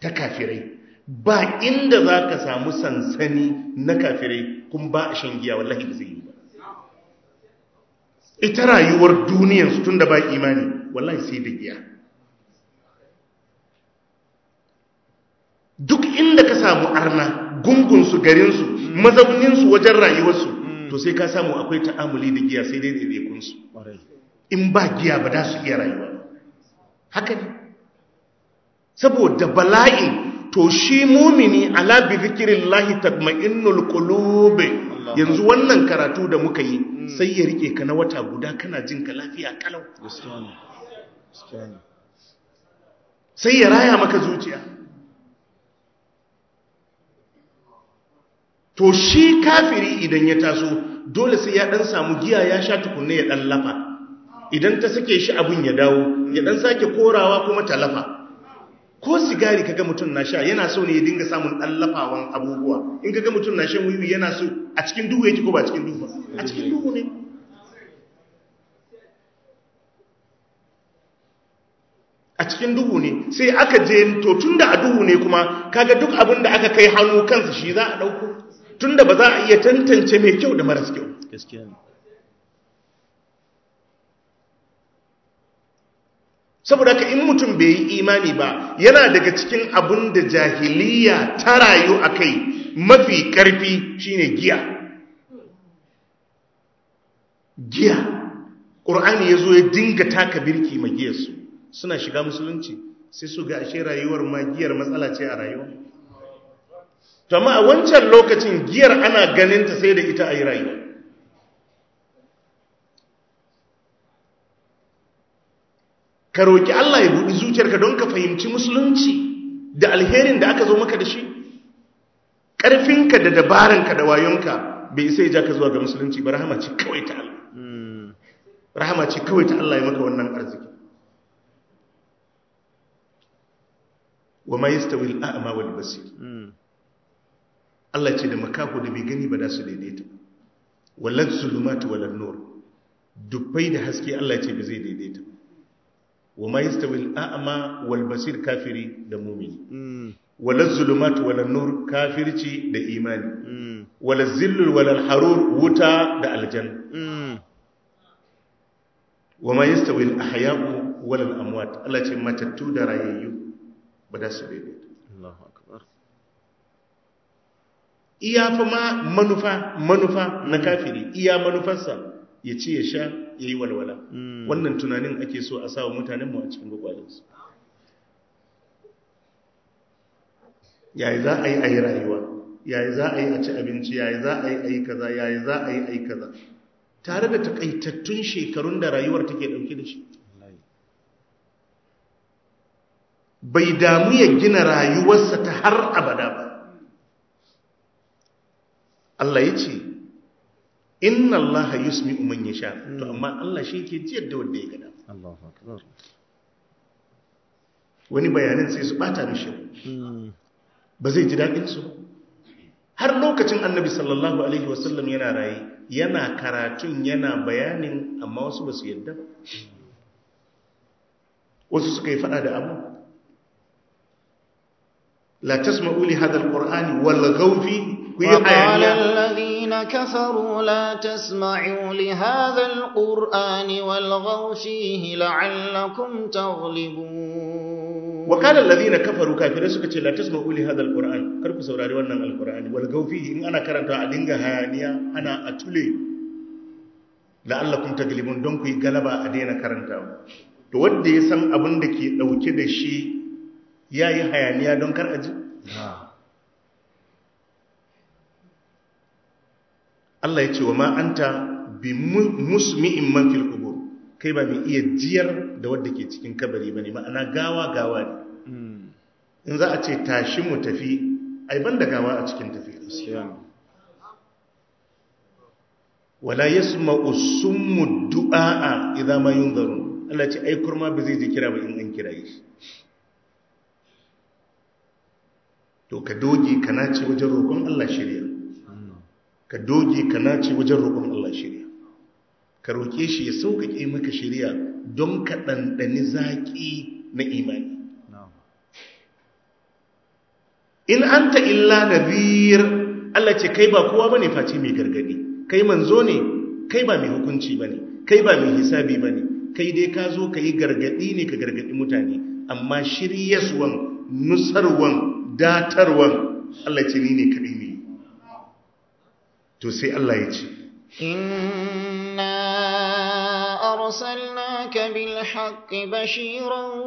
ta kafirai ba inda za ka samu sansani na kafirai kun ba a shan giya wallahi ba zai yi ba ita rayuwar duniyarsu tun da ba imani wallahi sai da giya duk inda ka samu arna gungunsu garinsu mazauninsu wajen rayuwarsu to sai ka samu akwai ta'amuli da giya sai dai ɗaiɗaikunsu in ba giya ba da su iya rayuwa haka ne saboda bala'in to shi mumini ala bi lahi tatma'innul qulubi yanzu wannan karatu da muka yi mm. sai ya rike ka na wata guda kana jin ka lafiya kalau sai ya raya maka zuciya to shi kafiri idan ya taso dole sai ya dan samu giya ya sha tukunne ya dan lafa idan ta sake shi abun ya dawo ya dan sake korawa kuma ta lafa ko sigari kaga mutum na sha yana so ne ya dinga samun dan lafawan abubuwa in kaga mutum na shan wiwi yana so a cikin duhu yake ko ba cikin duhu ba a cikin duhu ne a cikin duhu ne sai aka je to tunda a duhu ne kuma kaga duk abin da aka kai hannu kansa shi za a dauko tunda ba za a iya tantance mai kyau da maras kyau saboda ka in mutum bai yi imani ba yana daga cikin abun da jahiliya ta rayu a kai mafi ƙarfi shine giya giya ƙur'ani ya zo ya dinga taka birki magiyarsu suna shiga musulunci sai su ga ashe rayuwar magiyar matsala ce a rayuwa to amma a wancan lokacin giyar ana ganin ta sai da ita a yi rayuwa ka roƙi Allah ya buɗi zuciyarka don ka fahimci musulunci da alherin da aka zo maka da shi ƙarfinka da dabaranka da wayonka bai sai ya ja ka zuwa ga musulunci ba rahama ce kawai ta Allah hmm. rahama ce kawai ta Allah ya maka wannan arziki wa ma yastawi al-a'ma wal basir hmm. Allah ce da makaho da bai gani ba da su daidaita wallan zulumatu wallan nur dubbai da haske Allah ce ba zai daidaita wa ma yastawi al-a'ma wal basir kafiri da mu'mini hmm. wallan zulumatu wallan nur kafirci da imani hmm. wallan zillul wallan harur wuta da aljanna hmm. wa ma yastawi al-ahya'u wallan amwat Allah ce matattu da rayayyu ba da su daidaita Allahu iya fi ma manufa manufa na kafiri iya manufarsa ya ce ya sha ya yi walwala hmm. wannan tunanin ake so a sawa mutanenmu a cikin gwagwalinsu yayi za a yi a yi rayuwa yayi za a yi a ci abinci yayi za a yi a yi kaza yayi za a yi a yi kaza tare da takaitattun shekarun da rayuwar take dauke da shi bai damu ya gina rayuwarsa ta har abada ba Allah ya ce inna Allah yusmi'u ya yasha to amma Allah shi ke jiyar da wanda ya gada Allahu akbar wani bayanin sai su bata mishi hmm. ba zai ji daɗin su har lokacin Annabi sallallahu alaihi wasallam yana raye yana karatun yana bayanin amma wasu ba su yadda ba wasu suka yi fada da abu la tasma'u li hadha al-qur'ani wal ghawfi وقال الذين كفروا لا تسمعوا لهذا القرآن والغوا فيه لعلكم تغلبون وقال الذين كفروا كافرين سكتي لا تسمعوا لهذا Kar ku saurari wannan alqur'ani walgau fihi in ana karanta a dinga hayaniya ana atule la'allakum taglibun don ku yi galaba a daina karantawa to wanda ya san abin da ke dauke da shi yayi hayaniya don kar aji Allah ya ce wa ma'anta bi musmi'in man fil kai ba mai iya jiyar da wadda ke cikin kabari ba ne, ma'ana gawa gawa ne hmm. in za a ce tashi mu tafi ai ban da gawa a cikin tafi wala ya yasma'u summu du'a idza ma yunzarun Allah ce ai kurma ba zai ji kira ba in an kira yi. to ka doge ka ce wajen roƙon Allah shirya ka doge ka nace wajen roƙon Allah shirya ka roƙe shi ya sauƙaƙe maka shirya don ka ɗanɗani zaƙi na imani in an ta illa biyar, Allah ce kai ba kowa ba ne face mai gargaɗi kai manzo ne kai ba mai hukunci ba ne, kai ba mai hisabi ba ne, kai dai ka zo ka yi gargadi ne ka gargaɗi mutane amma shiryaswan nusarwan datarwan Allah ce ni ne kaɗai ne to sai Allah ya ce inna arsalnaka bil haqqi bashiran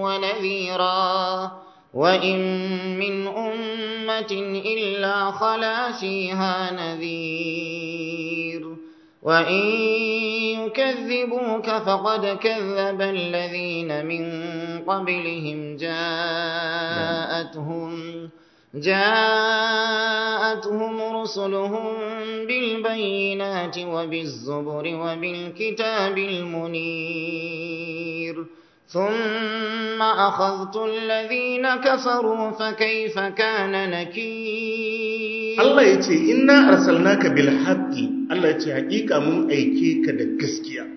wa nadhira wa in min ummatin illa khala fiha nadhir wa in يكذبوك فقد كذب الذين من قبلهم جاءتهم جاءتهم رسلهم بالبينات وبالزبر وبالكتاب المنير ثم أخذت الذين كفروا فكيف كان نكير الله يتي إنا أرسلناك بالحق الله يتي حقيقة من أيكيك دقسكيا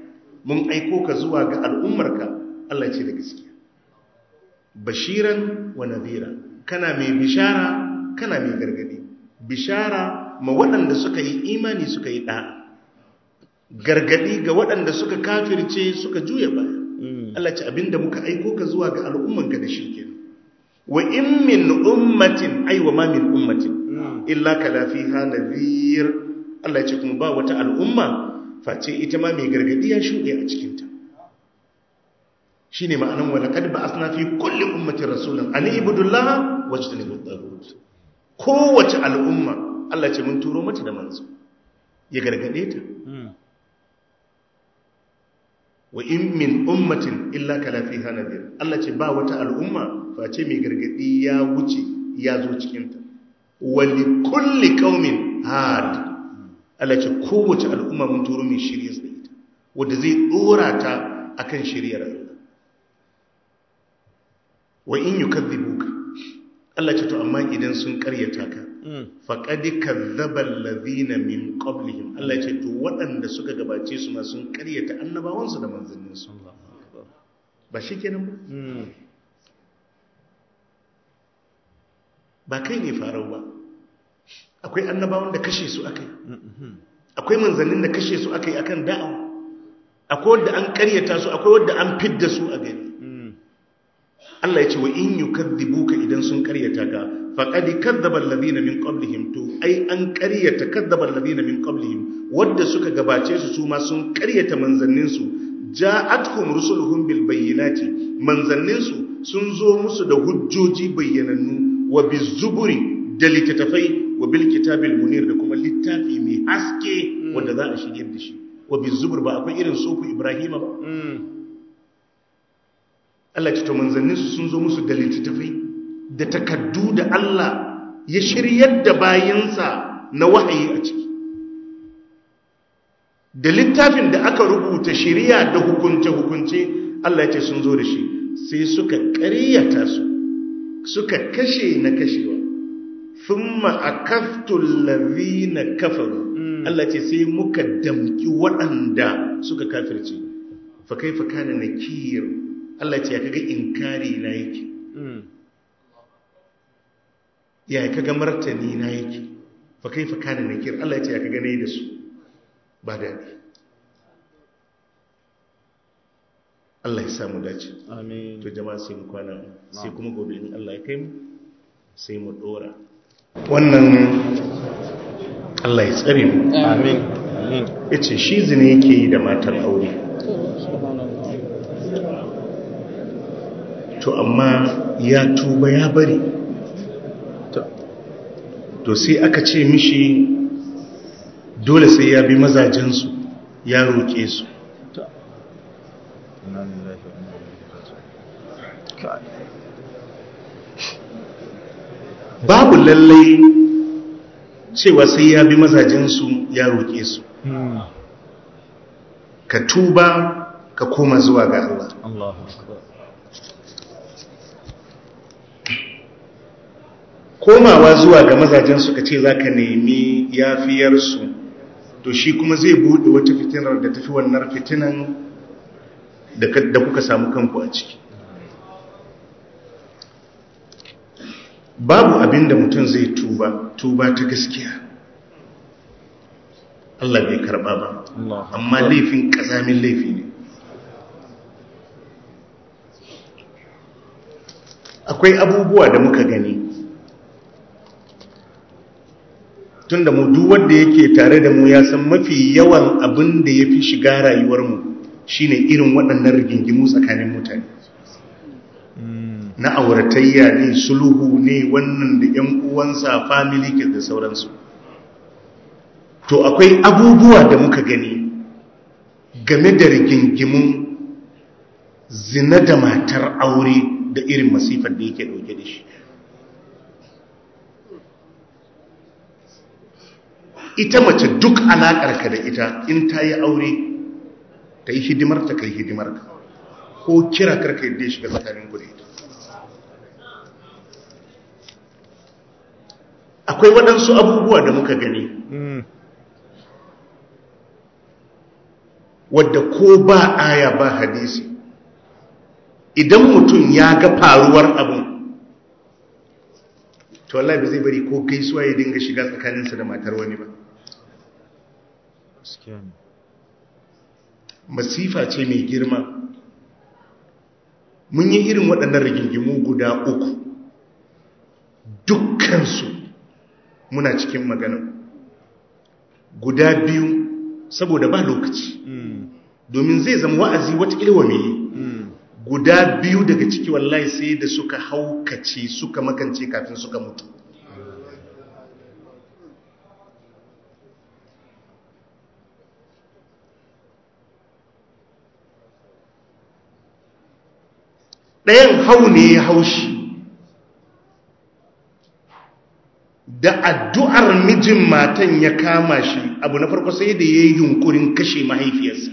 من أيكوك زواج الأمرك الله يتي دقسكيا بشيرا ونذيرا kana mai bishara kana mai gargadi bishara ma waɗanda suka yi imani suka yi ɗa'a gargadi ga waɗanda suka kafirce suka juya ba. Mm. Allah ce abinda muka aiko ka zuwa ga ka da shi ke wa in min ummatin aiwa ma min ummatin mm. illa kala na nadhir Allah ce kuma ba wata al'umma face ita ma mai gargadi ya shuɗe a cikin ta shine ma'anan wa laqad ba'athna fi kulli ummatin rasulan an ibudullaha wajtanibu tagut kowace al'umma Allah ce mun turo mata da manzo ya gargade ta hmm. wa in min ummatin illa kala fiha nadir Allah ce ba wata al'umma face mai gargadi ya wuce ya zo cikin ta wa li kulli qaumin had Allah ce kowace al'umma mun turo mai shirye da ita wanda zai dora ta akan shiriyar wa in yukadhibu Allah ce to amma idan sun karyata ka hmm. faqad kadzdzaba allazina min qablihim Allah ce to waɗanda suka gabace su ma sun karyata annabawansu da manzannin su ba shikenan ba hmm. ba kai ne farau ba akwai annabawan da kashe su akai mm-hmm. akwai manzannin da kashe su akai akan da'awa akwai wanda an karyata su akwai wanda an fidda su a gari Allah ya ce wa in yukadhibuka idan sun karyata ka faqad kadzdzaba alladhina min qablihim to ai an karyata kadzdzaba alladhina min qablihim wanda suka gabace su su ma sun karyata manzanninsu. Ja ja'atkum rusuluhum bil bayyinati manzannin su sun zo musu da hujjoji bayyanannu wa bizuburi da littattafai wa bil kitabil munir da kuma littafi mai haske mm. wanda za a shigar da shi wa bizubur ba akwai irin soku ibrahima ba mm. Allah ce to su sun zo musu da littattafai da takaddu da Allah ya shiryar da bayansa na wahayi a ciki da littafin da aka rubuta shirya da hukunce-hukunce Allah ce sun zo da shi sai suka ƙaryata su suka kashe na kashewa thumma akaftul na kafaru hmm. Allah ce sai muka damki waɗanda suka kafirce fa kaifa kana nakir Allah ce ya kaga inkari na yake hmm. ya kaga martani na yake fa kaifa kana nakir Allah ya ce ya kaga nayi da su ba daɗi Allah ya samu dace amin to jama'a sai mu kwana sai kuma gobe in Allah ya kai mu sai mu dora wannan Allah ya tsare mu amin amin yace shi zina yake yi da matan aure to amma ya tuba ya bari to sai aka ce mishi dole sai ya bi mazajensu ya roƙe su babu lallai cewa sai ya bi mazajensu ya roƙe su hmm. ka tuba ka koma zuwa ga Allah komawa zuwa ga mazajen suka ce za ka nemi yafiyarsu to shi kuma zai buɗe wata fitinar da tafi wannan fitinan da kuka samu kanku a ciki babu abin da mutum zai tuba tuba ta gaskiya Allah bai karɓa ba amma laifin ƙazamin laifi ne akwai abubuwa da muka gani tun da mu duk wanda yake tare da mu ya san mafi yawan abin da ya fi shiga rayuwarmu shi ne irin waɗannan rigingimu tsakanin mutane na auratayya ne sulhu ne wannan da 'yan uwansa family ke da sauransu to akwai abubuwa da muka gani game da rigingimun zina da matar aure da irin masifar da yake dauke da shi ita mace duk alaƙarka da ita in ta yi aure ta yi hidimarta kai hidimar hidimarka ko kira karka yadda ya shiga tsakanin ku ita akwai waɗansu abubuwa da muka gani hmm. wadda ko ba aya ba hadisi idan mutum ya ga faruwar abin to Allah ba zai bari ko gaisuwa ya dinga shiga tsakaninsa da matar wani ba masifa ce mai girma mun yi irin waɗannan rigingimu guda uku dukkansu muna cikin magana guda biyu saboda ba lokaci hmm. domin zai zama wa'azi wata ilwa mai hmm. guda biyu daga ciki wallahi sai da suka haukace suka makance kafin suka mutu ɗayan hau ne ya haushi da addu'ar mijin matan ya kama shi abu na farko sai da ya yi yunkurin kashe mahaifiyarsa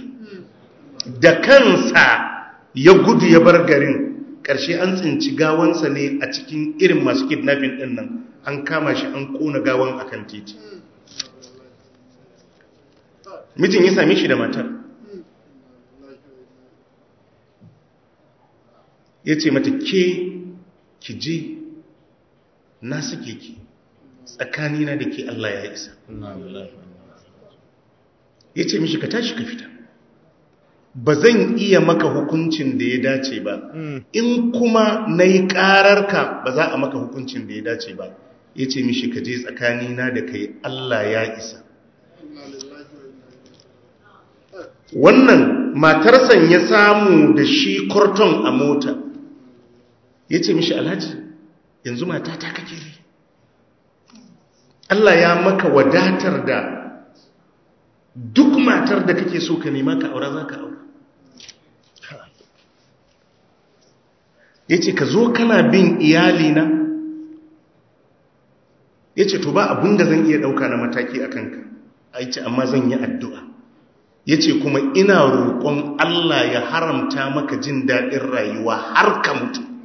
da kansa ya gudu ya bar garin ƙarshe an tsinci gawansa ne a cikin irin masu kidnafin ɗin nan an kama shi an ƙona gawan kan titi mijin ya same shi da matar ya ce mata ke ki je na suke ki Tsakani na da ke Allah ya isa ya ce mishi ka tashi ka fita ba zan iya maka hukuncin da ya dace ba mm. in kuma na yi ƙararka ba za a maka hukuncin da ya dace ba ya ce mishi ka je tsakanina da kai Allah ya isa wannan matarsan ya samu da shi kwarton a mota ya ce mishi alhaji yanzu mata ta kake ne Allah ya maka wadatar da duk matar da kake so ka nema ka aura za ka aura ya ce ka zo kana bin iyalina ya ce to ba abin da zan iya ɗauka na mataki a kanka a ce amma zan yi addu'a ya ce kuma ina roƙon Allah ya haramta maka jin daɗin rayuwa har ka mutu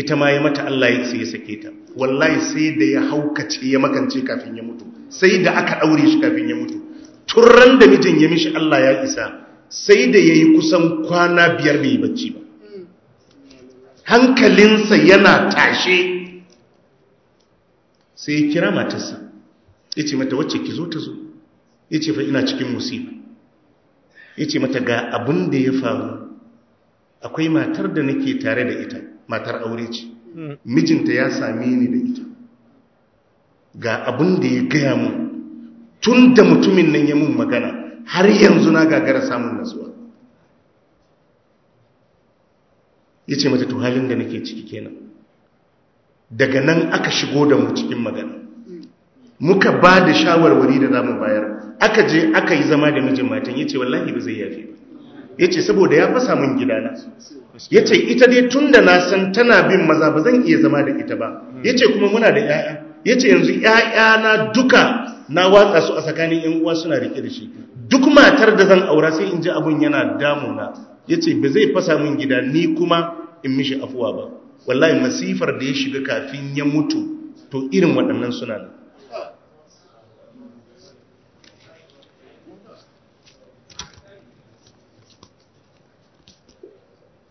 ita ma ya mata Allah ya sai ya sake ta wallahi sai da ya haukace ya makance kafin ya mutu sai da aka daure shi kafin ya mutu turran da mijin ya mishi Allah ya isa sai da yayi kusan kwana biyar bai bacci ba hankalinsa yana tashe sai ya kira matarsa yace mata wacce ki zo ta zo yace fa ina cikin musiba yace mata ga abin da ya faru akwai matar da nake tare da ita matar aure ce hmm. mijinta ya sami ni da ita ga abin da ya gaya mun tun da mutumin nan ya mun magana har yanzu na gagara samun nasuwa ya ce mata halin da nake ciki kenan daga nan aka shigo da mu cikin magana muka ba da shawarwari da za mu bayar aka je aka yi zama da mijin matan ya ce wallahi ba zai yafe ba ya ce saboda ya fasa min gidana ya ce ita dai tun da na san tana bin maza ba zan iya zama da ita ba ya ce kuma muna da 'ya'ya ya ce yanzu na duka na watsa su a tsakanin 'yan uwa suna rike da shi duk matar da zan aura sai in ji abun yana damuna ya ce ba zai fasa mun gida ni kuma in mishi afuwa ba wallahi masifar da ya shiga kafin ya mutu to irin waɗannan suna da.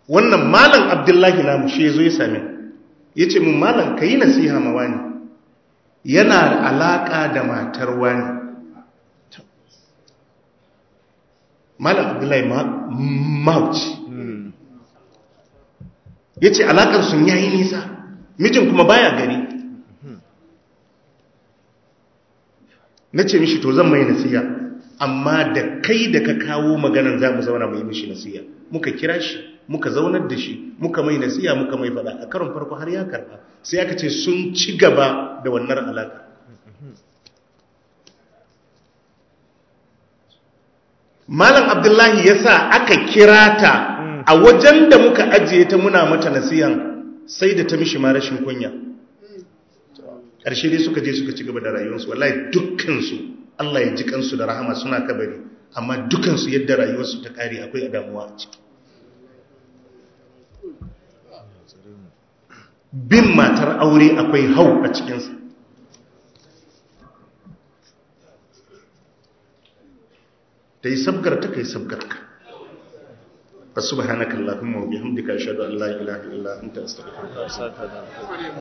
wannan malam abdullahi namu shi zo ya same ya ce mun malam ka yi nasiha ma wani yana alaƙa da matar wani malam abdullahi mahauci ya ce alaƙar sun yayi nisa mijin kuma baya gari na ce mishi to zan mai nasiya amma da kai da ka kawo maganan za mu zauna mai mishi nasiya muka kira shi muka zaunar da shi muka mai nasiya muka mai fada a karin farko har ya karba sai aka ce sun ci gaba da wannan alaka malam abdullahi ya sa aka kira ta a wajen da muka ajiye ta muna mata nasiyan sai da ta mishi ma rashin kunya ƙarshe dai suka je suka ci gaba da rayuwarsu wallahi dukkansu Allah ya ji kansu da rahama suna kabari amma dukansu yadda rayuwarsu ta ƙari akwai damuwa a ciki bin matar aure akwai hau a cikinsa ta yi sabgarta ka yi sabgarta فسبحانك اللهم وبحمدك اشهد ان لا اله الا انت